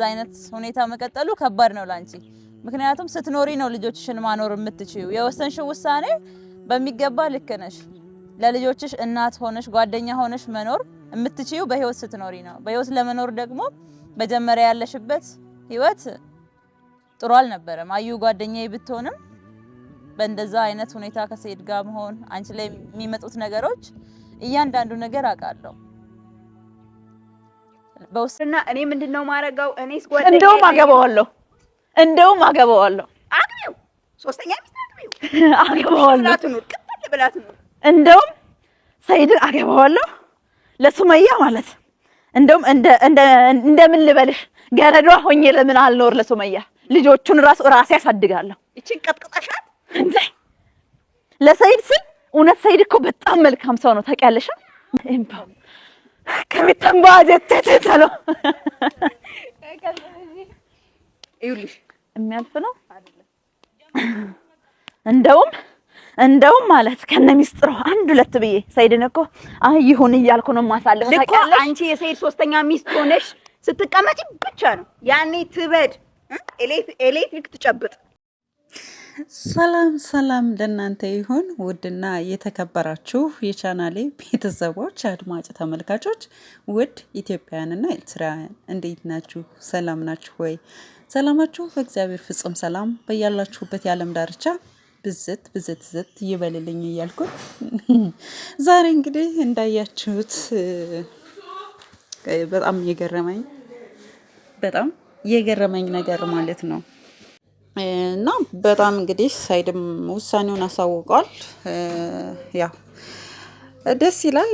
በዛ አይነት ሁኔታ መቀጠሉ ከባድ ነው ላንቺ። ምክንያቱም ስትኖሪ ነው ልጆችሽን ማኖር የምትችዩ። የወሰንሽው ውሳኔ በሚገባ ልክ ነሽ። ለልጆችሽ እናት ሆነሽ ጓደኛ ሆነሽ መኖር የምትችዩ በህይወት ስትኖሪ ነው። በህይወት ለመኖር ደግሞ መጀመሪያ ያለሽበት ህይወት ጥሩ አልነበረም። አዩ ጓደኛዬ ብትሆንም በእንደዛ አይነት ሁኔታ ከሴት ጋር መሆን አንቺ ላይ የሚመጡት ነገሮች እያንዳንዱ ነገር አውቃለሁ። በውስና እኔ ምንድን ነው ማረገው? እኔስ ጓደኛዬ እንደውም አገባዋለሁ፣ እንደውም አገባዋለሁ። አግቢው፣ ሶስተኛ ሚስት አግቢው፣ አገባዋለሁ። ትኑር ቅጥል ብላ ትኑር። እንደውም ሰይድን አገባዋለሁ ለሱመያ ማለት እንደውም እንደ እንደ እንደምን ልበልሽ ገረዷ ሆኜ ለምን አልኖር ለሱመያ ልጆቹን ራሱ ራሴ ያሳድጋለሁ። እቺን ቀጥቅጠሻል እንዴ? ለሰይድ ስል እውነት ሰይድ እኮ በጣም መልካም ሰው ነው ታውቂያለሽ። ከሚጠንባ ጀት ተሎ ይኸውልሽ የሚያልፍ ነው። እንደውም እንደውም ማለት ከነ ሚስጥሮ አንድ ሁለት ብዬ ሰይድን እኮ አይ ይሁን እያልኩ ነው የማሳልፈው። ታውቂያለሽ አንቺ የሰይድ ሶስተኛ ሚስት ሆነሽ ስትቀመጪ ብቻ ነው ያኔ ትበድ ኤሌክትሪክ ትጨብጥ ሰላም ሰላም ለእናንተ ይሁን ውድና የተከበራችሁ የቻናሌ ቤተሰቦች አድማጭ ተመልካቾች፣ ውድ ኢትዮጵያውያንና ኤርትራውያን እንዴት ናችሁ? ሰላም ናችሁ ወይ? ሰላማችሁ በእግዚአብሔር ፍጹም ሰላም በያላችሁበት የዓለም ዳርቻ ብዝት ብዝት ዝት ይበልልኝ እያልኩት ዛሬ እንግዲህ እንዳያችሁት በጣም የገረመኝ በጣም የገረመኝ ነገር ማለት ነው እና በጣም እንግዲህ ሳይድም ውሳኔውን አሳውቋል። ያው ደስ ይላል።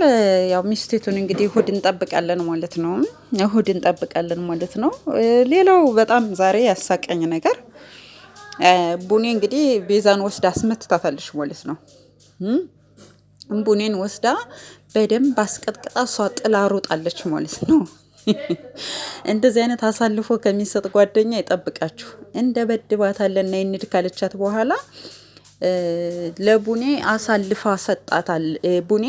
ያው ሚስቴቱን እንግዲህ እሁድ እንጠብቃለን ማለት ነው። እሁድ እንጠብቃለን ማለት ነው። ሌላው በጣም ዛሬ ያሳቀኝ ነገር ቡኔ እንግዲህ ቤዛን ወስዳ አስመትታታለች ማለት ነው። ቡኔን ወስዳ በደንብ አስቀጥቅጣ እሷ ጥላ ሮጣለች ማለት ነው። እንደዚህ አይነት አሳልፎ ከሚሰጥ ጓደኛ ይጠብቃችሁ። እንደ በድባታለን ና ይንድ ካለቻት በኋላ ለቡኔ አሳልፋ ሰጣታል። ቡኔ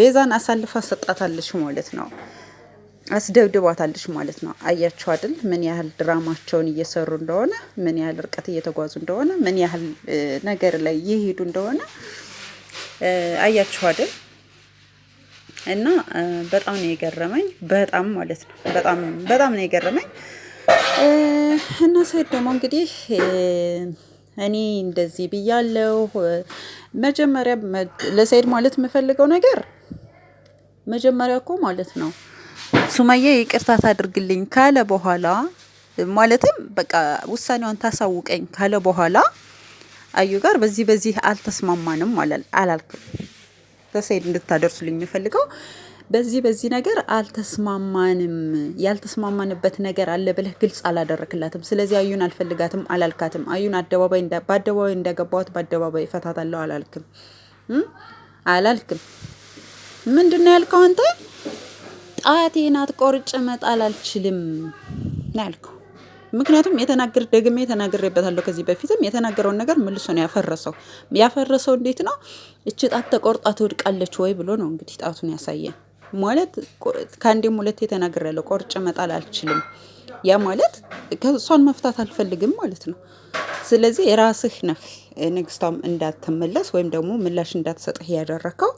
ቤዛን አሳልፋ ሰጣታለች ማለት ነው። አስደብድባታለች ማለት ነው። አያችሁ አይደል? ምን ያህል ድራማቸውን እየሰሩ እንደሆነ፣ ምን ያህል እርቀት እየተጓዙ እንደሆነ፣ ምን ያህል ነገር ላይ እየሄዱ እንደሆነ አያችሁ አይደል? እና በጣም ነው የገረመኝ። በጣም ማለት ነው በጣም በጣም ነው የገረመኝ። እና ሰኢድ ደግሞ እንግዲህ እኔ እንደዚህ ብያለሁ። መጀመሪያ ለሰኢድ ማለት የምፈልገው ነገር መጀመሪያ እኮ ማለት ነው ሱመያ ይቅርታ ታድርግልኝ ካለ በኋላ ማለትም በቃ ውሳኔዋን ታሳውቀኝ ካለ በኋላ አዩ ጋር በዚህ በዚህ አልተስማማንም አላልክም። ለሰይድ እንድታደርሱልኝ የምፈልገው በዚህ በዚህ ነገር አልተስማማንም። ያልተስማማንበት ነገር አለ ብለህ ግልጽ አላደረክላትም። ስለዚህ አዩን አልፈልጋትም አላልካትም። አዩን አደባባይ በአደባባይ እንዳገባዋት በአደባባይ እፈታታለሁ አላልክም አላልክም። ምንድን ነው ያልከው አንተ? ጣቴን አትቆርጭ መጣል አልችልም ነው ያልከው። ምክንያቱም የተናገር ደግሜ ተናግሬበታለሁ። ከዚህ በፊትም የተናገረውን ነገር መልሶ ነው ያፈረሰው። ያፈረሰው እንዴት ነው? እች ጣት ተቆርጣ ትወድቃለች ወይ ብሎ ነው እንግዲህ ጣቱን ያሳየን ማለት። ከአንዴም ሁለቴ ያለው ቆርጬ መጣል አልችልም። ያ ማለት ከእሷን መፍታት አልፈልግም ማለት ነው። ስለዚህ የራስህ ነህ ንግስቷም እንዳትመለስ ወይም ደግሞ ምላሽ እንዳትሰጥህ ያደረግከው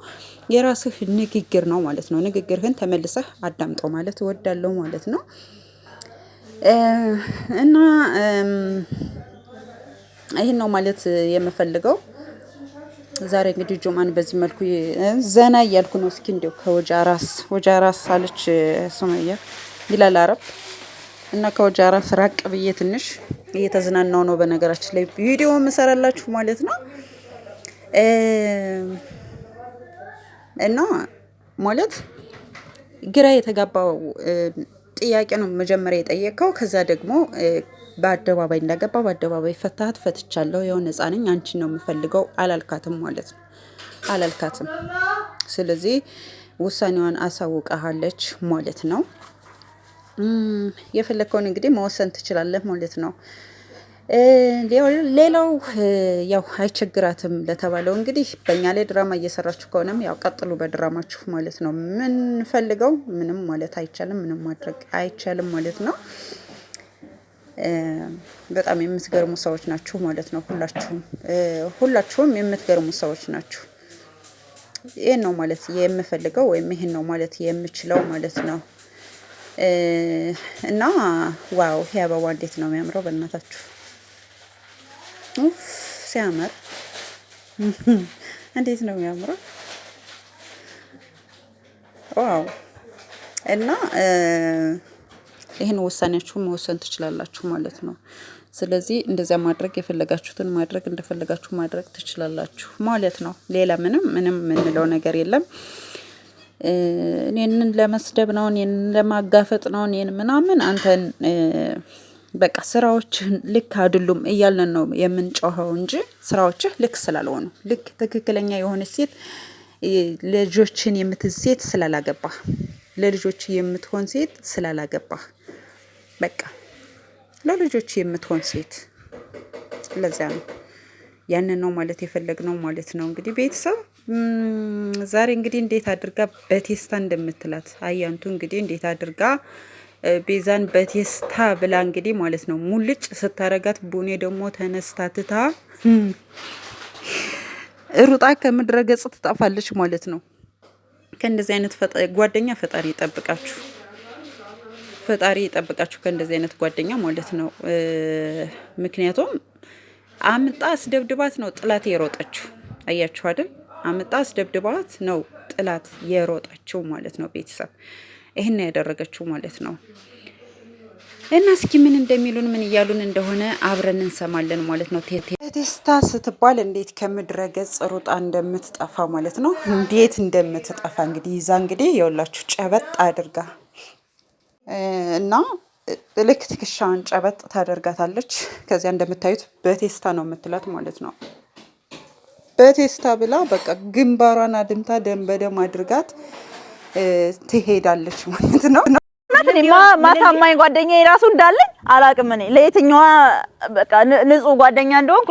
የራስህ ንግግር ነው ማለት ነው። ንግግርህን ተመልሰህ አዳምጠው ማለት እወዳለሁ ማለት ነው። እና ይህን ነው ማለት የምፈልገው። ዛሬ እንግዲህ ጁማን በዚህ መልኩ ዘና እያልኩ ነው። እስኪ እንዲያው ከወጃ ራስ ወጃ ራስ አለች ሱመያ ይላል አረብ እና ከወጃ ራስ ራቅ ብዬ ትንሽ እየተዝናናው ነው። በነገራችን ላይ ቪዲዮ መሰራላችሁ ማለት ነው እና ማለት ግራ የተጋባው ጥያቄ ነው መጀመሪያ የጠየቀው። ከዛ ደግሞ በአደባባይ እንዳገባ በአደባባይ ፈታት ፈትቻለሁ። የሆነ ነፃ ነኝ፣ አንቺን ነው የምፈልገው አላልካትም ማለት ነው አላልካትም። ስለዚህ ውሳኔዋን አሳውቀሃለች ማለት ነው። የፈለግከውን እንግዲህ መወሰን ትችላለህ ማለት ነው። ሌላው ያው አይቸግራትም ለተባለው እንግዲህ በእኛ ላይ ድራማ እየሰራችሁ ከሆነም ያው ቀጥሉ በድራማችሁ ማለት ነው። ምንፈልገው ምንም ማለት አይቻልም፣ ምንም ማድረግ አይቻልም ማለት ነው። በጣም የምትገርሙ ሰዎች ናችሁ ማለት ነው። ሁላችሁም ሁላችሁም የምትገርሙ ሰዎች ናችሁ። ይህን ነው ማለት የምፈልገው ወይም ይህን ነው ማለት የምችለው ማለት ነው። እና ዋው ይህ አበባ እንዴት ነው የሚያምረው! በእናታችሁ ሲያምር እንዴት ነው የሚያምረው! ዋው! እና ይህን ውሳኔያችሁን መወሰን ትችላላችሁ ማለት ነው። ስለዚህ እንደዚያ ማድረግ የፈለጋችሁትን ማድረግ እንደፈለጋችሁ ማድረግ ትችላላችሁ ማለት ነው። ሌላ ምንም ምንም የምንለው ነገር የለም። እኔንን ለመስደብ ነው፣ እኔንን ለማጋፈጥ ነው፣ እኔን ምናምን አንተን በቃ ስራዎችህ ልክ አይደሉም እያለን ነው የምንጮኸው እንጂ ስራዎችህ ልክ ስላልሆኑ ልክ ትክክለኛ የሆነች ሴት ልጆችን የምትዝ ሴት ስላላገባ ለልጆች የምትሆን ሴት ስላላገባ በቃ ለልጆች የምትሆን ሴት ለዚያ ነው ያንን ነው ማለት የፈለግነው ማለት ነው። እንግዲህ ቤተሰብ ዛሬ እንግዲህ እንዴት አድርጋ በቴስታ እንደምትላት አያንቱ እንግዲህ እንዴት አድርጋ ቤዛን በቴስታ ብላ እንግዲህ ማለት ነው ሙልጭ ስታረጋት፣ ቡኔ ደግሞ ተነስታ ትታ ሩጣ ከምድረ ገጽ ትጠፋለች ማለት ነው። ከእንደዚህ አይነት ጓደኛ ፈጣሪ ይጠብቃችሁ፣ ፈጣሪ ይጠብቃችሁ ከእንደዚህ አይነት ጓደኛ ማለት ነው። ምክንያቱም አምጣ አስደብድባት ነው ጥላት የሮጠችው። አያችሁ አይደል? አምጣ አስደብድባት ነው ጥላት የሮጠችው ማለት ነው ቤተሰብ ይህን ያደረገችው ማለት ነው። እና እስኪ ምን እንደሚሉን ምን እያሉን እንደሆነ አብረን እንሰማለን ማለት ነው። ቴስታ ስትባል እንዴት ከምድረ ገጽ ሩጣ እንደምትጠፋ ማለት ነው። እንዴት እንደምትጠፋ እንግዲህ ይዛ እንግዲህ የወላችሁ ጨበጥ አድርጋ እና ልክ ትከሻዋን ጨበጥ ታደርጋታለች። ከዚያ እንደምታዩት በቴስታ ነው የምትላት ማለት ነው። በቴስታ ብላ በቃ ግንባሯን አድምታ ደም በደም አድርጋት ትሄዳለች ማለት ነው። ማታማኝ ጓደኛ የራሱ እንዳለኝ አላውቅም። እኔ ለየትኛዋ በቃ ንጹህ ጓደኛ እንደሆንኩ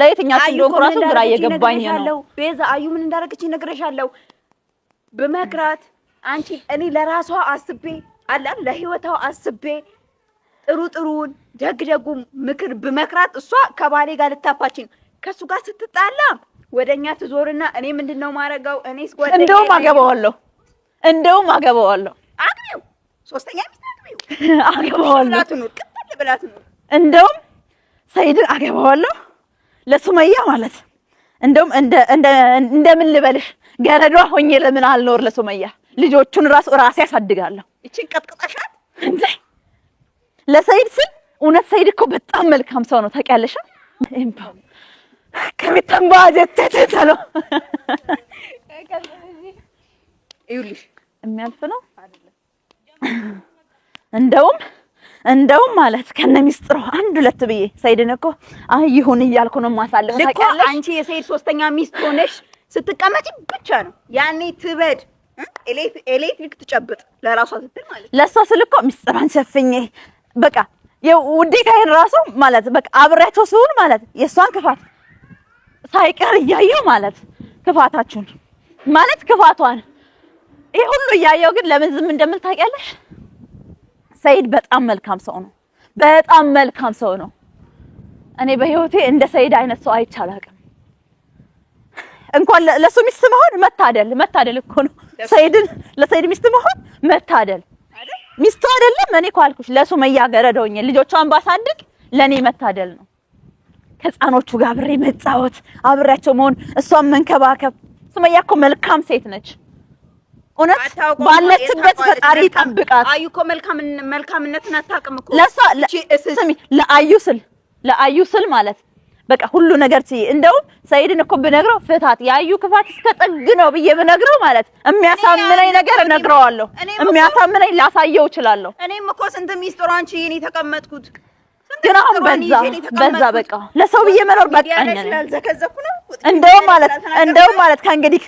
ለየትኛ እንደሆንኩ ራሱ ግራ እየገባኝ ነው። ቤዛ አዩ ምን እንዳደረገች እነግርሻለሁ። በመክራት አንቺ እኔ ለራሷ አስቤ አላል ለህይወቷ አስቤ ጥሩ ጥሩን ደግ ደጉ ምክር በመክራት እሷ ከባሌ ጋር ልታፋችን ከእሱ ጋር ስትጣላ ወደኛ ትዞርና እኔ ምንድን ነው ማረገው እኔስ ጓደኛ እንደውም አገባዋለሁ እንደውም አገባዋለሁ አግቢው ሶስተኛ ሚስት አግቢው አገባዋለሁ እንደውም ሰይድን አገባዋለሁ ለሱመያ ማለት እንደውም እንደ እንደ ምን ልበልሽ ገረዷ ሆኜ ለምን አልኖር ለሱመያ ልጆቹን ራሱ ራሴ ያሳድጋለሁ እቺን ቀጥቅጣሻት እንዴ ለሰይድ ስል እውነት ሰይድ እኮ በጣም መልካም ሰው ነው ታውቂያለሽ እንባ ከሚተንባ ጀተተ ነው ይኸውልሽ የሚያልፍ ነው። እንደውም እንደውም ማለት ከነ ሚስጥሩ አንድ ሁለት ብዬ ሰይድን እኮ አይ ይሁን እያልኩ ነው የማሳልፍ። ታውቂያለሽ አንቺ የሰይድ ሶስተኛ ሚስት ሆነሽ ስትቀመጪ ብቻ ነው ያኔ ትበድ ኤሌክትሪክ ትጨብጥ ለራሷ ስትል ማለት ነው። ለእሷ ስል እኮ ሚስጥሯን ሸፍኜ በቃ ውዴ ካይን ራሱ ማለት በቃ አብሬያቸው ስሆን ማለት የእሷን ክፋት ሳይቀር እያየው ማለት ክፋታችሁን ማለት ክፋቷን ይሄ ሁሉ እያየው ግን ለምን ዝም እንደምል ታውቂያለሽ? ሰይድ በጣም መልካም ሰው ነው። በጣም መልካም ሰው ነው። እኔ በህይወቴ እንደ ሰይድ አይነት ሰው አይቼ አላውቅም። እንኳን ለሱ ሚስት መሆን መታደል መታደል እኮ ነው። ሰይድን ለሰይድ ሚስት መሆን መታደል። ሚስቱ አይደለም እኔ እኮ አልኩሽ፣ ለሱመያ ገረደውኝ ልጆቿን ባሳድግ ለእኔ መታደል ነው። ከህፃኖቹ ጋር አብሬ መጫወት፣ አብሬያቸው መሆን፣ እሷን መንከባከብ። ሱመያ እኮ መልካም ሴት ነች። እውነት ባለችበት ፈጣሪ ይጠብቃት። አዩ እኮ መልካምነትን አታውቅም እኮ። ስሚ ለአዩ ስል ለአዩ ስል ማለት በቃ ሁሉ ነገር ትይ። እንደውም ሰይድን እኮ ብነግረው ፍታት የአዩ ክፋት እስከ ጥግ ነው ብዬ ብነግረው ማለት የሚያሳምነኝ ነገር እነግረዋለሁ። የሚያሳምነኝ ላሳየው እችላለሁ። እኔም እኮ ስንት ሚስጥሯ አንቺ ይሄን የተቀመጥኩት ግን አሁን በዛ በዛ በቃ ለሰው ብዬ መኖር በቃ እንደውም ማለት እንደውም ማለት ከእንግዲህ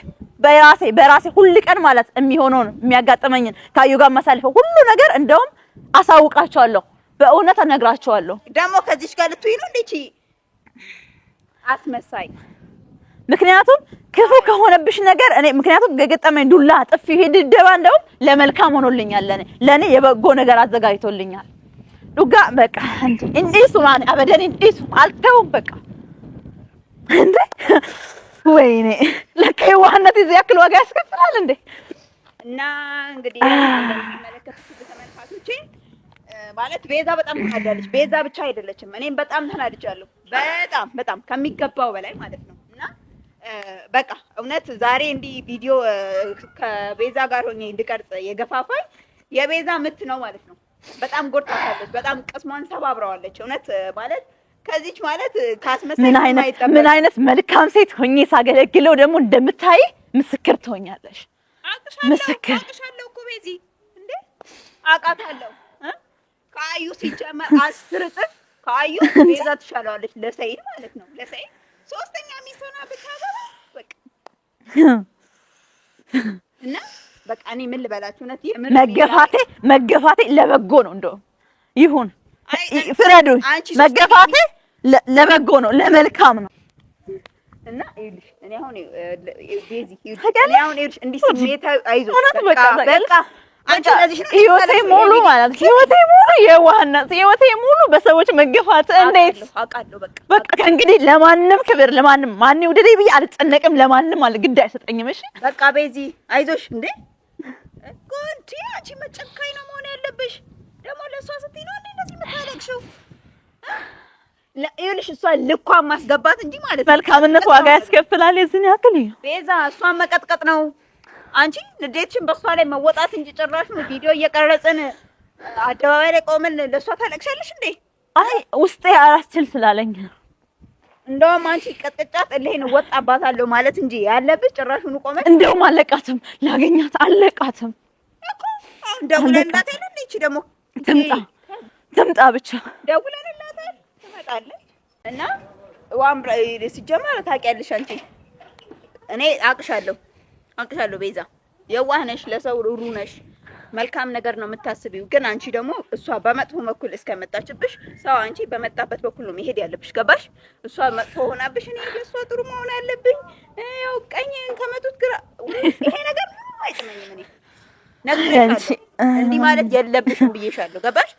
በራሴ በራሴ ሁል ቀን ማለት የሚሆነውን የሚያጋጥመኝን ካዩ ጋር ማሳልፈው ሁሉ ነገር እንደውም አሳውቃቸዋለሁ። በእውነት እነግራቸዋለሁ። ደግሞ ከዚች ጋር ልትይሉ ነው አስመሳይ። ምክንያቱም ክፉ ከሆነብሽ ነገር እኔ ምክንያቱም ገገጠመኝ ዱላ፣ ጥፊ፣ ድብደባ እንደውም ለመልካም ሆኖልኛል። ለኔ ለኔ የበጎ ነገር አዘጋጅቶልኛል። ዱጋ በቃ እንዴ እንዴ ሱማን አበደን እንዴ ሱ አልተውም በቃ እንዴ ወይኔ ለካ የዋህነት የዚህ ያክል ዋጋ ያስከፍላል እንዴ! እና እንግዲህ እንደምትመለከቱት ተመልካቾቼ ማለት ቤዛ በጣም ተናዳለች። ቤዛ ብቻ አይደለችም፣ እኔም በጣም ተናድጃለሁ። በጣም በጣም ከሚገባው በላይ ማለት ነው። እና በቃ እውነት ዛሬ እንዲህ ቪዲዮ ከቤዛ ጋር ሆኜ እንድቀርጽ የገፋፋኝ የቤዛ ምት ነው ማለት ነው። በጣም ጎድታታለች። በጣም ቅስሟን ሰባብረዋለች። እውነት ማለት ከዚች ማለት ምን አይነት መልካም ሴት ሆኜ ሳገለግለው ደግሞ እንደምታይ ምስክር ትሆኛለሽ። ምስክር አውቅሻለሁ እኮ ቤዚ እንዴ አውቃታለሁ። ከአዩ ሲጨመር አስር እጥፍ ከአዩ ቤዛ ትሻለዋለች። ለሰይድ ማለት ነው። ለሰይድ ሶስተኛ ሚስሆና ሆና ብታገባ በቃ እና በቃ እኔ ምን ልበላችሁ፣ እውነት መገፋቴ መገፋቴ ለበጎ ነው። እንደውም ይሁን ፍረዱ። መገፋቴ ለበጎ ነው፣ ለመልካም ነው። እና ይኸውልሽ እኔ አሁን ቤዚ ይኸውልሽ እንዲህ አይዞሽ በቃ በቃ ህይወቴ ሙሉ ማለት ህይወቴ ሙሉ የዋህነት ህይወቴ ሙሉ በሰዎች መገፋት። እንዴት በቃ ከእንግዲህ ለማንም ክብር ለማንም ማን ውደደኝ ብዬ አልጨነቅም። ለማንም አለ ግድ አይሰጠኝም። እሺ በቃ አይዞሽ። እንዴ አንቺ መጨካኝ ነው መሆን ያለብሽ። ደግሞ ለእሷ ስትይ ነው እንደዚህ የምታለቅሽው? ይኸውልሽ እሷን ልኳን ማስገባት እንጂ ማለት ነው። መልካምነት ዋጋ ያስከፍላል። የዚህን ያክል ቤዛ እሷን መቀጥቀጥ ነው። አንቺ ንዴትሽን በእሷ ላይ መወጣት እንጂ ጭራሽ ቪዲዮ እየቀረጽን አደባባይ ላይ ቆመን ለእሷ ታለቅሻለሽ እንዴ? አይ ውስጤ አላስችል ስላለኝ እንደውም አንቺ ቀጥቅጫት እልሄን ወጣባታለሁ ማለት እንጂ ያለብሽ ጭራሽ ሆኖ እንደውም አለቃትም ላገኛት አለቃትም ደግሞ ለእናቴ ለእኔ ይቺ ደግሞ ትምጣ ትምጣ ብቻ ደውለንላታል። ትመጣለች እና ሲጀመር ታውቂያለሽ አንቺ እኔ አቅሻለሁ ቤዛ የዋህ ነሽ፣ ለሰው ሩሩ ነሽ፣ መልካም ነገር ነው የምታስቢው። ግን አንቺ ደግሞ እሷ በመጥፎ በኩል እስከመጣችብሽ ሰው አንቺ በመጣበት በኩል ነው መሄድ ያለብሽ። ገባሽ? እሷ መጥፎ ሆናብሽ፣ እኔ ለእሷ ጥሩ መሆን አለብኝ። ያው ከመጡት ግራ ይሄ ነገር አይጥመኝም እኔ ነግሬሻለሁ። እንዲህ ማለት የለብሽም ብዬሻለሁ። ገባሽ?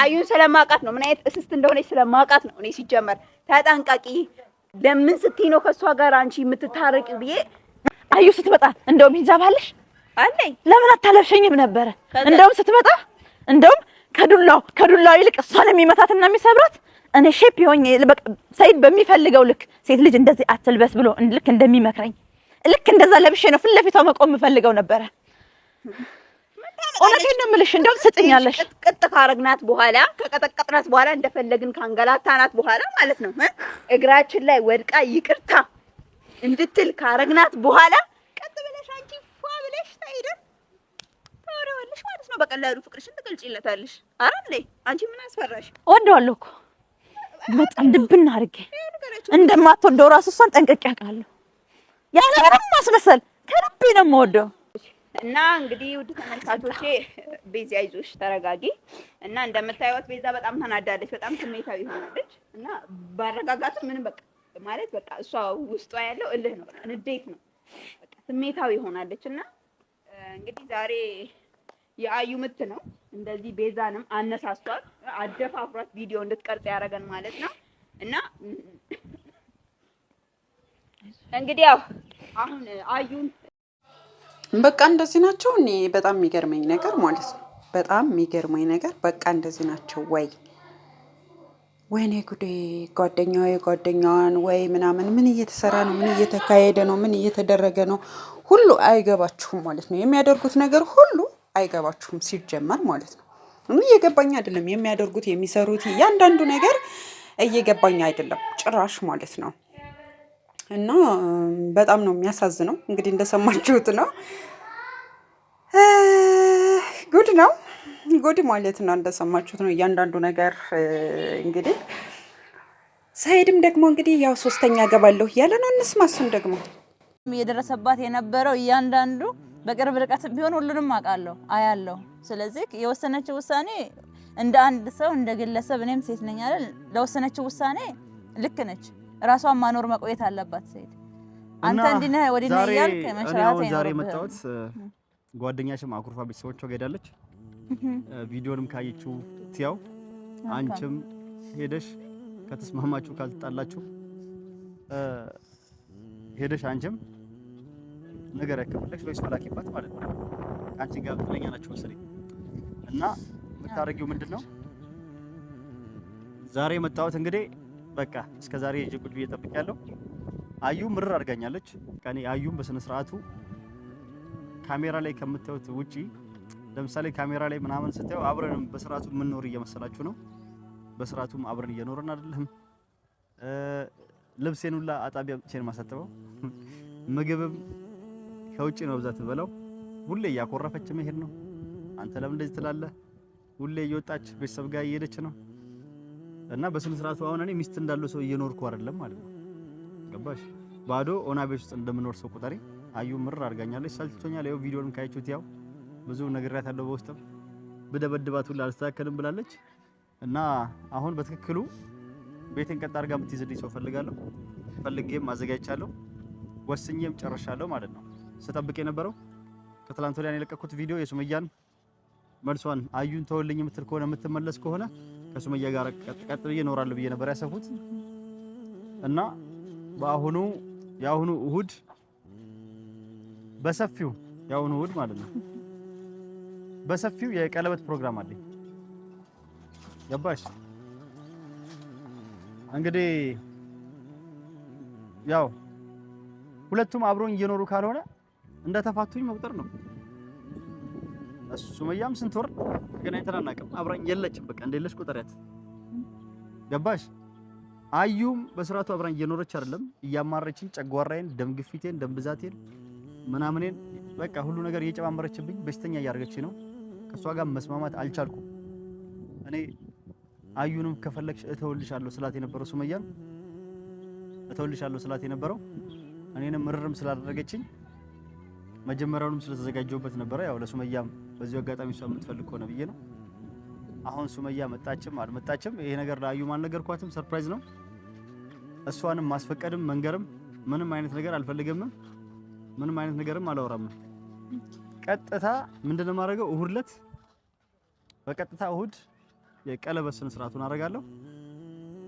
አዩን ስለማውቃት ነው፣ ምን አይነት እስስት እንደሆነች ስለማውቃት ነው። እኔ ሲጀመር ተጠንቀቂ፣ ለምን ስትይ ነው ከእሷ ጋር አንቺ የምትታረቂ ብዬ አዩ ስትመጣ እንደውም ሂጃብ አለሽ አለኝ። ለምን አታለብሸኝም ነበረ? እንደውም ስትመጣ እንደውም ከዱላው ከዱላው ይልቅ እሷን የሚመታትና የሚሰብራት እኔ ሼፕ የሆኝ ሰይድ በሚፈልገው ልክ ሴት ልጅ እንደዚህ አትልበስ ብሎ ልክ እንደሚመክረኝ ልክ እንደዛ ለብሼ ነው ፊት ለፊቷ መቆም የምፈልገው ነበረ። እውነቴን ነው የምልሽ። እንደውም ስጥኛለሽ። ቅጥ ካረግናት በኋላ ከቀጠቀጥናት በኋላ እንደፈለግን ካንገላታናት በኋላ ማለት ነው እግራችን ላይ ወድቃ ይቅርታ እንድትል ካረግናት በኋላ ቀጥ ብለሽ አንቺ ፏ ብለሽ ታይደን ታወሪዋለሽ ማለት ነው። በቀላሉ ፍቅርሽን ትገልጪለታለሽ። ኧረ እንዴ አንቺ ምን አስፈራሽ? እወደዋለሁ እኮ በጣም ድብና አድርጌ እንደማትወደው እራሱ እሷን ጠንቅቄ አውቃለሁ። ያለ ምንም ማስመሰል ከልቤ ነው የምወደው እና እንግዲህ ውድ ተመልካቾቼ ቤዛ አይዞሽ፣ ተረጋጊ። እና እንደምታዩት ቤዛ በጣም ተናዳለች፣ በጣም ስሜታዊ ሆናለች። እና ባረጋጋቱ ምንም በቃ ማለት በቃ እሷ ውስጧ ያለው እልህ ነው፣ ንዴት ነው፣ በቃ ስሜታዊ ሆናለች። እና እንግዲህ ዛሬ የአዩ ምት ነው። እንደዚህ ቤዛንም አነሳስቷት አደፋፍሯት ቪዲዮ እንድትቀርጽ ያደረገን ማለት ነው። እና እንግዲህ ያው አሁን አዩን በቃ እንደዚህ ናቸው። እኔ በጣም የሚገርመኝ ነገር ማለት ነው በጣም የሚገርመኝ ነገር በቃ እንደዚህ ናቸው ወይ ወይኔ ጉዴ! ጓደኛዋ ጓደኛዋን ወይ ምናምን ምን እየተሰራ ነው? ምን እየተካሄደ ነው? ምን እየተደረገ ነው? ሁሉ አይገባችሁም ማለት ነው። የሚያደርጉት ነገር ሁሉ አይገባችሁም ሲጀመር ማለት ነው። እየገባኝ አይደለም የሚያደርጉት የሚሰሩት እያንዳንዱ ነገር እየገባኝ አይደለም ጭራሽ ማለት ነው። እና በጣም ነው የሚያሳዝነው። እንግዲህ እንደሰማችሁት ነው። ጉድ ነው ጉድ ማለት ነው። እንደሰማችሁት ነው እያንዳንዱ ነገር እንግዲህ ሳይድም ደግሞ እንግዲህ ያው ሶስተኛ ገባለሁ እያለ ነው። እንስማሱን ደግሞ የደረሰባት የነበረው እያንዳንዱ በቅርብ ርቀት ቢሆን ሁሉንም አውቃለሁ አያለሁ። ስለዚህ የወሰነችው ውሳኔ እንደ አንድ ሰው እንደ ግለሰብ እኔም ሴት ነኝ አይደል ለወሰነችው ውሳኔ ልክ ነች። ራሷን ማኖር መቆየት አለባት ሴት። አንተ እንዲህ ነህ ወዲህ ነህ እያልክ መሸራት ነው። ዛሬ የመጣሁት ጓደኛሽም አኩርፋ ቤተሰቦቿ ሄዳለች። ቪዲዮንም ካየችው ትያው፣ አንቺም ሄደሽ ከተስማማችሁ ካልጣላችሁ ሄደሽ አንቺም ነገር ያከፍለሽ ወይስ ፈላኪባት ማለት ነው። አንቺ ጋር ፍለኛ ናችሁ መሰለኝ እና የምታደርጊው ምንድን ነው? ዛሬ የመጣሁት እንግዲህ በቃ ዛሬ እጅ ቁጭ ብዬ ያለው አዩ ምርር አድርጋኛለች። ቀኔ አዩም በስነ ስርዓቱ ካሜራ ላይ ከምታዩት ውጪ ለምሳሌ ካሜራ ላይ ምናምን ስታዩ አብረን በስርዓቱ የምንኖር እየመሰላችሁ ነው። በስርዓቱም አብረን እየኖርን አይደለም። ልብሴን ሁላ አጣቢያ ብቻዬን ማሳጥበው፣ ምግብም ከውጪ ነው ብዛት በለው። ሁሌ እያኮረፈች መሄድ ነው። አንተ ለምን እንደዚህ ትላለህ? ሁሌ እየወጣች ቤተሰብ ጋር እየሄደች ነው። እና በስነ ስርዓቱ አሁን እኔ ሚስት እንዳለው ሰው እየኖርኩ አይደለም ማለት ነው። ገባሽ? ባዶ ኦና ቤት ውስጥ እንደምኖር ሰው ቁጠሪ። አዩ ምር አድርጋኛለች፣ ሰልችቶኛል። ያው ቪዲዮን ካያችሁት ያው ብዙ ነግሬያታለሁ። በውስጥም ብደበድባት ሁላ አልስተካከልም ብላለች። እና አሁን በትክክሉ ቤቴን ቀጥ አድርጋ የምትይዝልኝ ሰው ፈልጋለሁ። ፈልጌም አዘጋጅቻለሁ፣ ወስኜም ጨርሻለሁ ማለት ነው። ስጠብቅ የነበረው ከትላንት ወዲያ የለቀኩት ቪዲዮ የሱመያን መልሷን አዩን ተወልኝ የምትል ከሆነ የምትመለስ ከሆነ ከሱመያ ጋር ቀጥ ብዬ እኖራለሁ ብዬ ነበር ያሰብኩት እና በአሁኑ የአሁኑ እሁድ በሰፊው የአሁኑ እሁድ ማለት ነው በሰፊው የቀለበት ፕሮግራም አለኝ። ገባሽ እንግዲህ ያው ሁለቱም አብሮኝ እየኖሩ ካልሆነ እንደተፋቱኝ መቁጠር ነው። ሱመያም ስንት ወር ተገናኝተን አናውቅም። አብራኝ የለችም። በቃ እንደሌለች ቁጠሪያት። ገባሽ? አዩም በስርዓቱ አብራኝ እየኖረች አይደለም። እያማረችኝ፣ ጨጓራዬን፣ ደም ግፊቴን፣ ደም ብዛቴን ምናምኔን በቃ ሁሉ ነገር እየጨማመረችብኝ በሽተኛ እያደረገች ነው። ከእሷ ጋር መስማማት አልቻልኩም። እኔ አዩንም ከፈለግሽ እተውልሻለሁ ስላት የነበረው ሱመያን እተውልሻለሁ ስላት የነበረው እኔንም ምርርም ስላደረገችኝ መጀመሪያውንም ስለተዘጋጀሁበት ነበረ ያው ለሱመያም በዚህ አጋጣሚ እሷ የምትፈልግ ከሆነ ብዬ ነው። አሁን ሱመያ መጣችም አልመጣችም ይሄ ነገር ለአዩም ኳትም ሰርፕራይዝ ነው። እሷንም ማስፈቀድም መንገርም ምንም አይነት ነገር አልፈልግም። ምንም አይነት ነገርም አላወራም። ቀጥታ ምንድነው የማደርገው? እሁድ ለት በቀጥታ እሁድ የቀለበት ስነ ስርዓቱን አደርጋለሁ።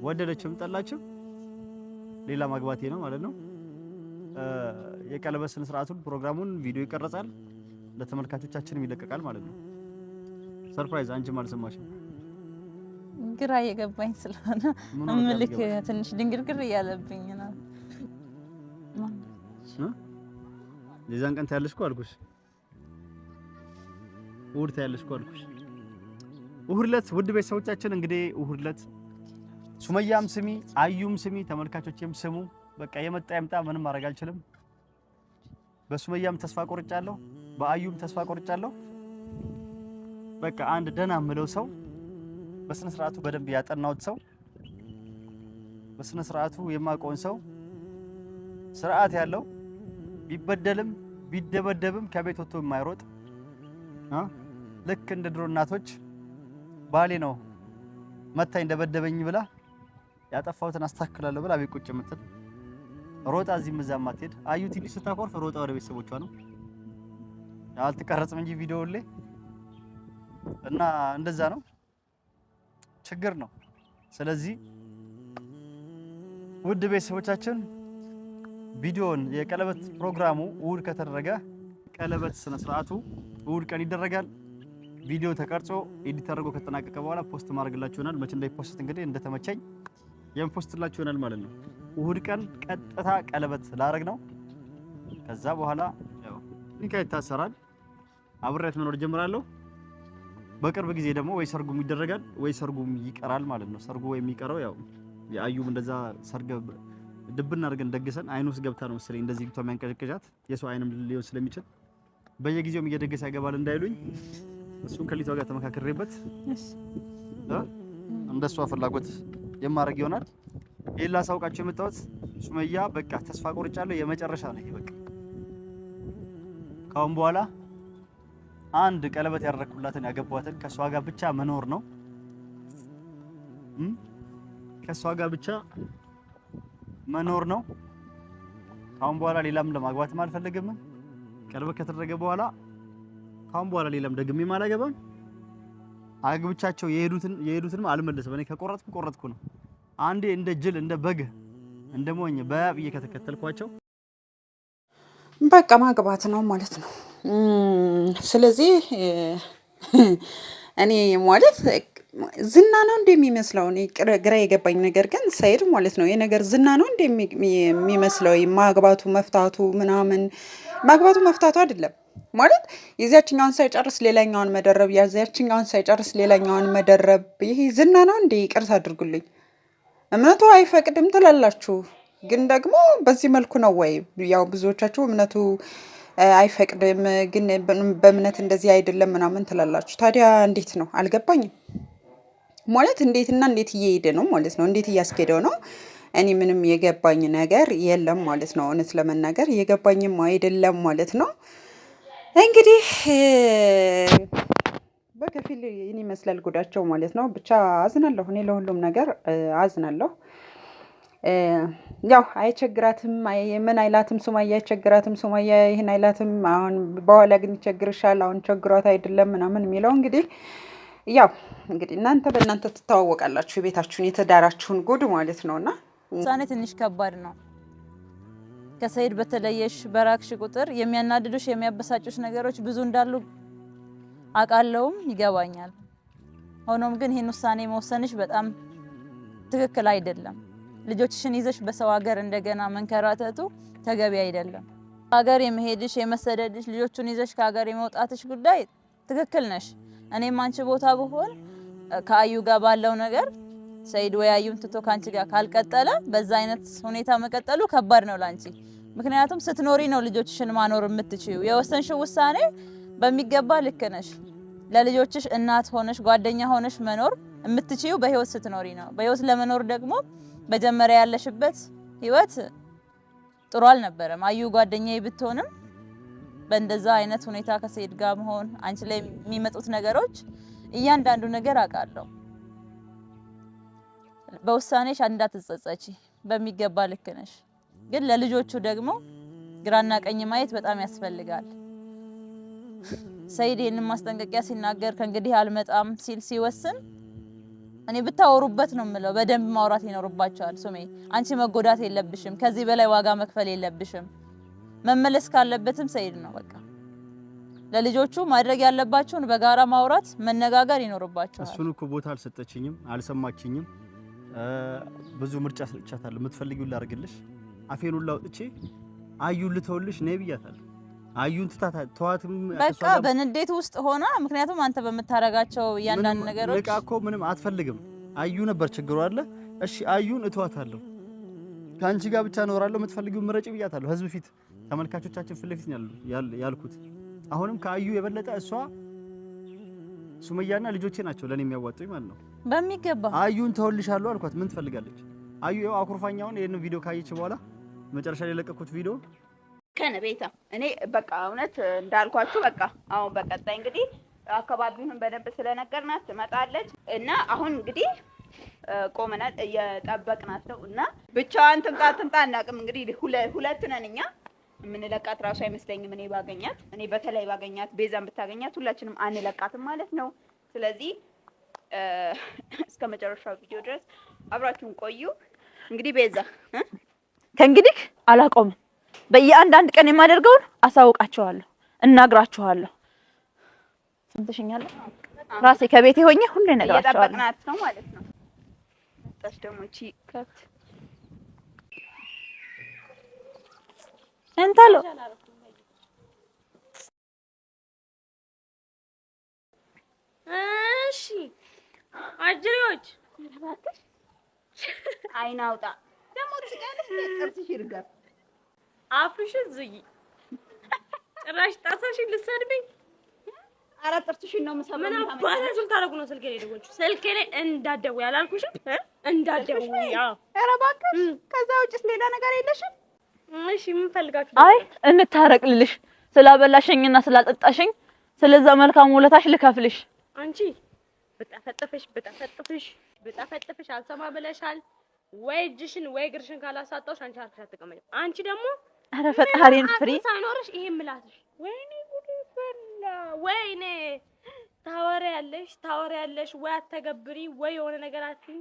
ወደደችም ጠላችም ሌላ ማግባቴ ነው ማለት ነው። የቀለበት ስነ ስርዓቱን ፕሮግራሙን ቪዲዮ ይቀረጻል። ለተመልካቾቻችንም ይለቀቃል ማለት ነው። ሰርፕራይዝ አንቺም አልሰማሽም። ግራ እየገባኝ ስለሆነ እምልክ ትንሽ ድንግርግር እያለብኝ ነው። የዛን ቀን ታያለሽ እኮ አልኩሽ። እሑድ ታያለሽ እኮ አልኩሽ። እሑድ ዕለት ውድ ቤተሰቦቻችን እንግዲህ እሑድ ዕለት ሱመያም ስሚ፣ አዩም ስሚ፣ ተመልካቾችም ስሙ። በቃ የመጣ የምጣ ምንም ማድረግ አልችልም። በሱመያም ተስፋ ቆርጫለሁ። በአዩም ተስፋ ቆርጫለሁ። በቃ አንድ ደህና ምለው ሰው በስነ ስርዓቱ በደንብ ያጠናውት ሰው በስነ ስርዓቱ የማውቀውን ሰው ስርዓት ያለው ቢበደልም ቢደበደብም ከቤት ወጥቶ የማይሮጥ ልክ እንደ ድሮ እናቶች ባሌ ነው መታኝ እንደበደበኝ ብላ ያጠፋሁትን አስተካክላለሁ ብላ ቤት ቁጭ የምትል ሮጣ እዚህም እዛም አትሄድ። አዩ ትንሽ ስታኮርፍ ሮጣ ወደ ቤተሰቦቿ ነው። አልትቀረጽም እንጂ ቪዲዮ ላይ እና እንደዛ ነው፣ ችግር ነው። ስለዚህ ውድ ቤተሰቦቻችን ቪዲዮን የቀለበት ፕሮግራሙ እሁድ ከተደረገ ቀለበት ስነ ስርዓቱ እሑድ ቀን ይደረጋል። ቪዲዮ ተቀርጾ ኤዲት ተደርጎ ከተጠናቀቀ በኋላ ፖስት ማድረግላችሁ ይሆናል። መቼ እንዳይፖስት እንግዲህ እንደተመቸኝ የምፖስትላችሁ ይሆናል ማለት ነው። እሑድ ቀን ቀጥታ ቀለበት ላረግ ነው። ከዛ በኋላ ያው ኒካ ይታሰራል። አብሬያት መኖር ጀምራለሁ። በቅርብ ጊዜ ደግሞ ወይ ሰርጉም ይደረጋል ወይ ሰርጉም ይቀራል ማለት ነው። ሰርጉ ወይ የሚቀረው ያው የአዩም እንደዛ ሰርግ ድብና አድርገን ደግሰን አይኑ ውስጥ ገብታ ነው መሰለኝ እንደዚህ ብቷ የሚያንቀጨቅጫት የሰው አይንም ሊሆን ስለሚችል በየጊዜውም እየደገሰ ያገባል እንዳይሉኝ እሱን ከሊቷ ጋር ተመካክሬበት እንደሷ ፍላጎት የማድረግ ይሆናል። ይሄን ላሳውቃቸው የመጣሁት ሱመያ፣ በቃ ተስፋ ቆርጫለሁ። የመጨረሻ ነው ይሄ በቃ ካሁን በኋላ አንድ ቀለበት ያደረግኩላትን ያገባትን ከእሷ ጋር ብቻ መኖር ነው። ከእሷ ጋር ብቻ መኖር ነው። ካሁን በኋላ ሌላም ለማግባትም አልፈለግም። ቀለበት ከተደረገ በኋላ ካሁን በኋላ ሌላም ደግሜም አላገባም። አግብቻቸው የሄዱትን የሄዱትንም አልመለስም። እኔ ከቆረጥኩ ቆረጥኩ ነው። አንዴ እንደ ጅል እንደ በግ እንደ ሞኝ በብዬ ከተከተልኳቸው በቃ ማግባት ነው ማለት ነው። ስለዚህ እኔ ማለት ዝና ነው እንደሚመስለው ግራ የገባኝ ነገር ግን ሰኢድ ማለት ነው የነገር ዝና ነው እንደሚመስለው ማግባቱ መፍታቱ ምናምን ማግባቱ መፍታቱ አይደለም ማለት የዚያችኛውን ሳይጨርስ ሌላኛውን መደረብ የዚያችኛውን ሳይጨርስ ሌላኛውን መደረብ ይሄ ዝና ነው እንደ ይቅርታ አድርጉልኝ እምነቱ አይፈቅድም ትላላችሁ ግን ደግሞ በዚህ መልኩ ነው ወይ ያው ብዙዎቻችሁ እምነቱ አይፈቅድም፣ ግን በእምነት እንደዚህ አይደለም ምናምን ትላላችሁ። ታዲያ እንዴት ነው አልገባኝም። ማለት እንዴትና እንዴት እየሄደ ነው ማለት ነው? እንዴት እያስኬደው ነው? እኔ ምንም የገባኝ ነገር የለም ማለት ነው። እውነት ለመናገር የገባኝም አይደለም ማለት ነው። እንግዲህ በከፊል ይህን ይመስላል ጉዳቸው ማለት ነው። ብቻ አዝናለሁ፣ እኔ ለሁሉም ነገር አዝናለሁ። ያው አይቸግራትም፣ ምን አይላትም፣ ሱማያ አይቸግራትም፣ ሱማያ ይህን አይላትም። አሁን በኋላ ግን ይቸግርሻል፣ አሁን ቸግሯት አይደለም ምናምን የሚለው እንግዲህ ያው እንግዲህ እናንተ በእናንተ ትተዋወቃላችሁ፣ የቤታችሁን የተዳራችሁን ጉድ ማለት ነው። እና ውሳኔ ትንሽ ከባድ ነው። ከሰይድ በተለየሽ በራክሽ ቁጥር የሚያናድዱሽ የሚያበሳጩሽ ነገሮች ብዙ እንዳሉ አቃለውም ይገባኛል። ሆኖም ግን ይህን ውሳኔ መወሰንሽ በጣም ትክክል አይደለም። ልጆችሽን ይዘሽ በሰው ሀገር እንደገና መንከራተቱ ተገቢ አይደለም። ሀገር የመሄድሽ የመሰደድሽ፣ ልጆቹን ይዘሽ ከሀገር የመውጣትሽ ጉዳይ ትክክል ነሽ። እኔም አንቺ ቦታ ብሆን ከአዩ ጋር ባለው ነገር ሰይድ ወይ አዩም ትቶ ከአንቺ ጋር ካልቀጠለ በዛ አይነት ሁኔታ መቀጠሉ ከባድ ነው ላንቺ። ምክንያቱም ስትኖሪ ነው ልጆችሽን ማኖር የምትችዩ። የወሰንሽው ውሳኔ በሚገባ ልክ ነሽ። ለልጆችሽ እናት ሆነሽ ጓደኛ ሆነሽ መኖር የምትችዩ በህይወት ስትኖሪ ነው። በህይወት ለመኖር ደግሞ መጀመሪያ ያለሽበት ህይወት ጥሩ አልነበረም። አዩ ጓደኛዬ ብትሆንም በእንደዛ አይነት ሁኔታ ከሰይድ ጋር መሆን አንቺ ላይ የሚመጡት ነገሮች እያንዳንዱ ነገር አውቃለሁ። በውሳኔሽ እንዳትጸጸቺ፣ በሚገባ ልክ ነሽ። ግን ለልጆቹ ደግሞ ግራና ቀኝ ማየት በጣም ያስፈልጋል። ሰይድ ይህንን ማስጠንቀቂያ ሲናገር ከእንግዲህ አልመጣም ሲል ሲወስን እኔ ብታወሩበት ነው የምለው። በደንብ ማውራት ይኖርባቸዋል። ሱሜ አንቺ መጎዳት የለብሽም። ከዚህ በላይ ዋጋ መክፈል የለብሽም። መመለስ ካለበትም ሰይድ ነው በቃ። ለልጆቹ ማድረግ ያለባቸውን በጋራ ማውራት፣ መነጋገር ይኖርባቸዋል። እሱን እኮ ቦታ አልሰጠችኝም፣ አልሰማችኝም። ብዙ ምርጫ ሰጥቻታለሁ። የምትፈልጊውን ላድርግልሽ፣ አፌን ሁላ አውጥቼ አዩን ልተውልሽ ነይ ብያታለሁ። አዩን ትታት ተዋትም በቃ በንዴት ውስጥ ሆና ምክንያቱም አንተ በምታረጋቸው እያንዳንድ ነገሮች በቃ እኮ ምንም አትፈልግም። አዩ ነበር ችግሩ አለ። እሺ አዩን እተዋታለሁ፣ ከአንቺ ጋር ብቻ እኖራለሁ፣ የምትፈልጊው ምረጪ ብያታለሁ። ህዝብ ፊት ተመልካቾቻችን ፊት ለፊት ያልኩት አሁንም ከአዩ የበለጠ እሷ ሱመያና ልጆቼ ናቸው ለኔ የሚያዋጡኝ ማለት ነው። በሚገባ አዩን ተወልሻለሁ አልኳት። ምን ትፈልጋለች አዩ? ያው አኩርፋኛውን ይሄን ቪዲዮ ካየች በኋላ መጨረሻ ላይ የለቀኩት ቪዲዮ ከነ ቤታ እኔ በቃ እውነት እንዳልኳችሁ በቃ አሁን በቀጣይ እንግዲህ አካባቢውን በደንብ ስለነገርናት ትመጣለች እና አሁን እንግዲህ ቆመናል እየጠበቅ ነው እና ብቻዋን ትምጣ ትምጣ አናውቅም። እንግዲህ ሁለት ነን እኛ የምንለቃት ራሱ አይመስለኝም። እኔ ባገኛት እኔ በተለይ ባገኛት ቤዛን ብታገኛት ሁላችንም አንለቃትም ማለት ነው። ስለዚህ እስከ መጨረሻው ቪዲዮ ድረስ አብራችሁን ቆዩ። እንግዲህ ቤዛ ከእንግዲህ አላቆምም በየአንዳንድ ቀን የማደርገውን አሳውቃቸዋለሁ፣ እናግራችኋለሁ። ስንትሽኛለ ራሴ ከቤቴ ሆኜ ሁሉ እነግራቸዋለሁ ማለት እንታሎ እሺ፣ አጅሪዎች አይናውጣ ደግሞ ትጋለሽ ጥርትሽ ይርጋል አፍሽን ዝጊ። ጭራሽ ጣሳሽን ልትሰድበኝ? ኧረ ጥርትሽን ነው የምሰማው። ምን አባታችሁ ልታደርጉ ነው? ስልኬ ላይ ደወልኩሽ። ስልኬ ላይ እንዳትደውይ አላልኩሽም? እንዳትደውይ። ኧረ እባክሽ፣ ከዛ ውጭስ ሌላ ነገር የለሽም? እሺ ምን ፈልጋችሁ? አይ እንታረቅ ስላበላሸኝና ስላጠጣሽኝ፣ ስለዛ መልካም ውለታሽ ልከፍልሽ። አንቺ ብጠፈጥፍሽ ብጠፈጥፍሽ ብጠፈጥፍሽ አልሰማ ብለሻል ወይ እጅሽን ወይ እግርሽን ካላሳጣሁሽ አንቺ አርፈሽ አትቀመጭም። አንቺ ደግሞ አረ ፈጣሪን ፍሪ ሳይኖርሽ ይሄ ምላትሽ ወይኔ ጉድ ፈላ ወይኔ ታወሪያለሽ ታወሪያለሽ ወይ አተገብሪ ወይ የሆነ ነገር አትይ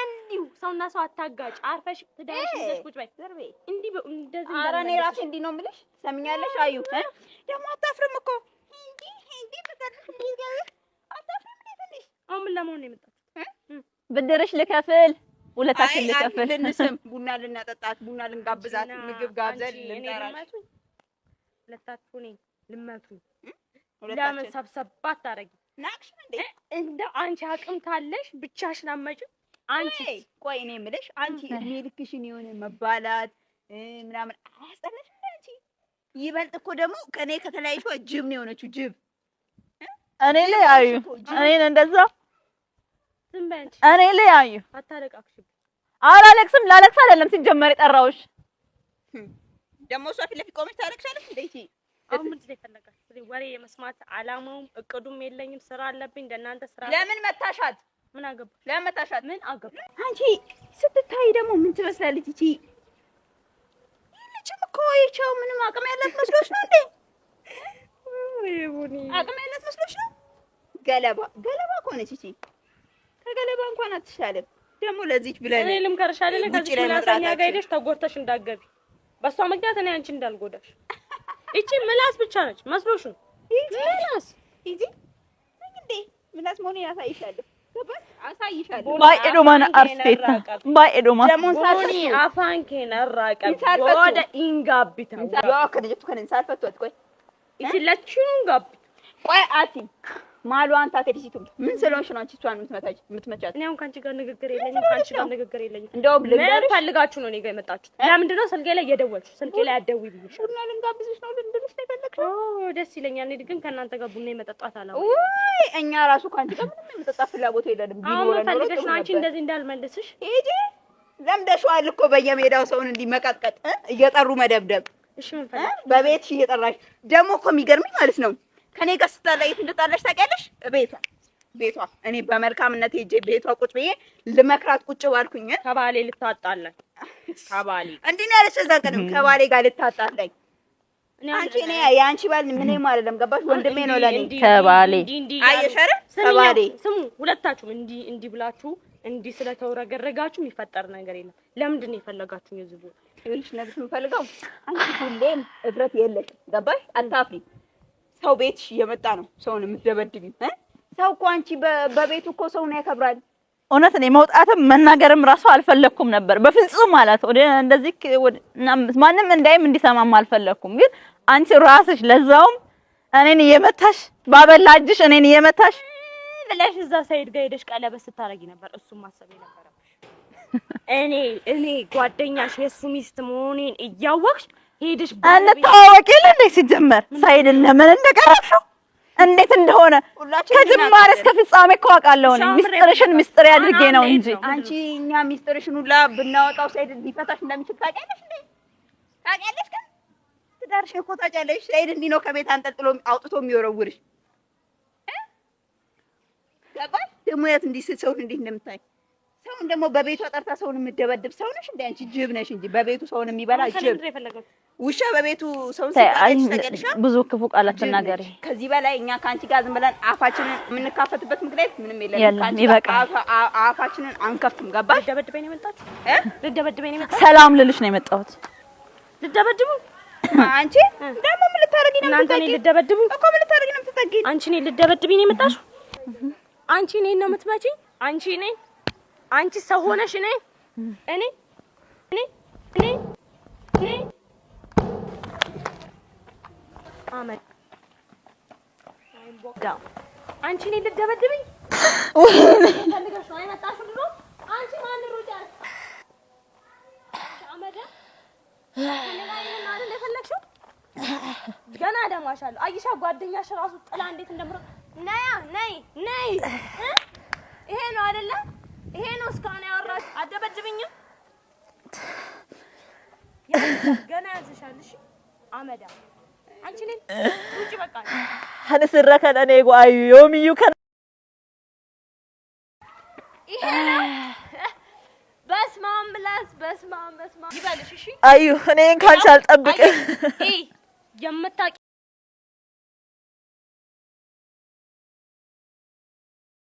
እንዲሁ ሰውና ሰው አታጋጭ አርፈሽ ትዳርሽ ይዘሽ ቁጭ በይ እንዲህ እንደዚህ ኧረ እኔ እራሴ እንዲህ ነው የምልሽ ሰምኛለሽ አዩ ደግሞ አታፍርም እኮ አሁን ምን ለመሆን ነው የመጣሁት ብድርሽ ልከፍል ሁለታችን ልከፍል ልንስም ቡና ልናጠጣት ቡና ልንጋብዛት ምግብ ጋብዘን ልንጠራት ሁለታችሁን ልመቱ ለምን ሰብሰብ አታደርጊ? ናቅሽን እንዴ እንደው አንቺ አቅም ካለሽ ብቻሽን አትመጪም። አንቺ ቆይ እኔ የምልሽ አንቺ እድሜ የሆነ መባላት ምናምን አያስጠላሽም? አንቺ ይበልጥ እኮ ደግሞ ከእኔ ከተለያዩ ጅብ ነው የሆነችው ጅብ እኔ ላይ አዩ እኔን እንደዛ እኔ ልያዩ አላለቅስም። ላለቅስ አይደለም ሲጀመር የጠራሁሽ። ደግሞ እሷ ፊት ለፊት ቆመች ታለቅሻለች። አሁን ምንድን ነው የፈለጋችሁት? ወሬ የመስማት አላማውም እቅዱም የለኝም። ስራ አለብኝ እንደናንተ ስራ። ለምን መታሻት? ምን አገባሽ? ለምን መታሻት? ምን አገባሽ? አንቺ ስትታይ ደግሞ ምን ትመስላለች ይቺ? ይህችም እኮ ይቻው ምንም አቅም ያላት መስሎሽ ነው እንዴ? አቅም ያላት መስሎሽ ነው? ገለባ ገለባ ከሆነች ይቺ ገለባ እንኳን አትሻልም። ደግሞ ለዚች ብለን እኔ ልምከርሽ አይደለ ከዚህ ምላሳኛ ጋር ሄደሽ ተጎድተሽ እንዳገቢ በሷ ምክንያት እኔ አንቺ እንዳልጎዳሽ። እቺ ምላስ ብቻ ነች መስሎሽ ነው? ምላስ እጂ እንዴ ምላስ ያሳይሻለሁ። ሞኒ ማሉ አንተ አትሪሲቱ ምን ስለሆንሽ ነው አንቺ እሷን የምትመታች የምትመቻት? እኔ አሁን ካንቺ ጋር ንግግር የለኝም፣ ካንቺ ጋር ንግግር የለኝም። እንደውም ልንገርሽ ፈልጋችሁ ነው እኔ ጋር የመጣችሁ። ለምንድን ነው ስልኬ ላይ የደወልሽ? ስልኬ ላይ አትደውይ ብዬሽ ቡና ልንጋብዝሽ ነው ልንድንሽ ነው የፈለግሽ? ኦ ደስ ይለኛል። እኔ ግን ከእናንተ ጋር ቡና የመጠጣት አላውቅም። ውይ እኛ ራሱ ካንቺ ጋር ምንም የመጠጣት ፍላጎት የለንም። ቢሆን ፈልገሽ ነው አንቺ እንደዚህ እንዳልመልስሽ። ሂጂ ለምደሽዋል እኮ በየሜዳው ሰውን እንዲመቀጥቀጥ እየጠሩ መደብደብ። እሺ ምን ፈልገሽ? በቤትሽ እየጠራሽ ደግሞ እኮ የሚገርምኝ ማለት ነው ከኔ ጋር ስትጣላ የት እንደጣላሽ ታውቂያለሽ? ቤቷ ቤቷ እኔ በመልካምነት ሄጄ ቤቷ ቁጭ ብዬ ልመክራት ቁጭ ባልኩኝ ከባሌ ልታጣለኝ ከባሌ እንዲህ ነው ያለች። እዛ ቀንም ከባሌ ጋር ልታጣለኝ አንቺ እኔ የአንቺ ባል ምንም አይደለም። ገባሽ? ወንድሜ ነው ለኔ ከባሌ አየሽ ከባሌ ስሙ፣ ሁለታችሁም እንዲ እንዲህ ብላችሁ እንዲህ ስለተውረገረጋችሁ የሚፈጠር ነገር የለም። ለምንድን ነው የፈለጋችሁ ዝቡ ቦታ? ይኸውልሽ፣ ነግሽ የምፈልገው አንቺ ሁሌም እፍረት የለሽ ገባሽ? አታፍሪ ሰው ቤት እየመጣ ነው ሰውን የምትደበድቢው? ሰው እኮ አንቺ በቤቱ እኮ ሰውን ያከብራል። እውነት እኔ መውጣትም መናገርም ራሱ አልፈለግኩም ነበር በፍጹም ማለት ወደ እንደዚህ ማንም እንዳይም እንዲሰማም አልፈለግኩም። ግን አንቺ ራስሽ ለዛውም እኔን እየመታሽ ባበላጅሽ እኔን እየመታሽ ብለሽ እዛ ሳይድ ጋር ሄደሽ ቀለበት ስታረጊ ነበር። እሱም ማሰብ የነበረው እኔ እኔ ጓደኛሽ የእሱ ሚስት መሆኔን እያወቅሽ ሄድሽ እንተዋወቅ የለ እንዴ? ሲጀመር ሳይድን ለምን እንደቀረሽው እንዴት እንደሆነ ከጅማሬ እስከ ፍጻሜ እኮ አውቃለሁ። ሚስጥርሽን ሚስጥር ያድርጌ ነው እንጂ አንቺ እኛ ሚስጥርሽን ሁላ ብናወጣው ሳይድ ሊፈታሽ እንደሚችል ታውቂያለሽ እንዴ? ታውቂያለሽ ግን ትዳርሽን እኮ ታውቂያለሽ። ሳይድ እንዲህ ነው ከቤት አንጠልጥሎ አውጥቶ የሚወረውርሽ። ገባሽ ደግሞ ያት እንዲህ ሰውን እንዴት እንደምታይ ሰውን ደግሞ በቤቷ ጠርታ ሰውን የምደበድብ ሰው ነሽ እንዴ? አንቺ ጅብ ነሽ እንጂ በቤቱ ሰውን የሚበላ ጅብ፣ ውሻ በቤቱ ሰውን ሲበላ ብዙ ክፉ ቃላት ተናገሪ። ከዚህ በላይ እኛ ከአንቺ ጋር ዝም ብለን አፋችንን የምንካፈትበት ምክንያት ምንም የለም። አፋችንን አንከፍትም። ገባሽ? ልደበድበኝ ነው የመጣሁት እ ልደበድበኝ ነው የመጣሁት። ሰላም ልልሽ ነው የመጣሁት። ልደበድቡ አንቺ ደግሞ ምን ልታረጊ ነው? እናንተ እኔ ልደበድቡ እኮ ምን ልታረጊ ነው የምትጠጊ? አንቺ እኔ ልደበድብኝ ነው የመጣሽው? አንቺ እኔን ነው የምትመጪኝ? አንቺ እኔን አንቺ ሰው ሆነሽ እኔ እኔ እኔ እኔ እኔ አመድ አንቺ እኔ ልደበድብኝ ገና ደማሻለሁ። አይሻ ጓደኛሽ እራሱ ጥላ እንዴት እንደምሮ ነያ ነይ ነይ ይሄ ነው አይደለም ይሄ ነው እስካሁን ያወራሽ። አደበድብኝም። ገና ያዝሻል። እሺ አመዳ አንቺ ነኝ ውጪ። በቃ ሀንስረ ከነኔ ጓዩ ዮሚዩ ከ በስማም ብላስ በስማም በስማም ይበልሽ። እሺ አዩ እኔን ካንቺ አልጠብቅም። የምታውቂ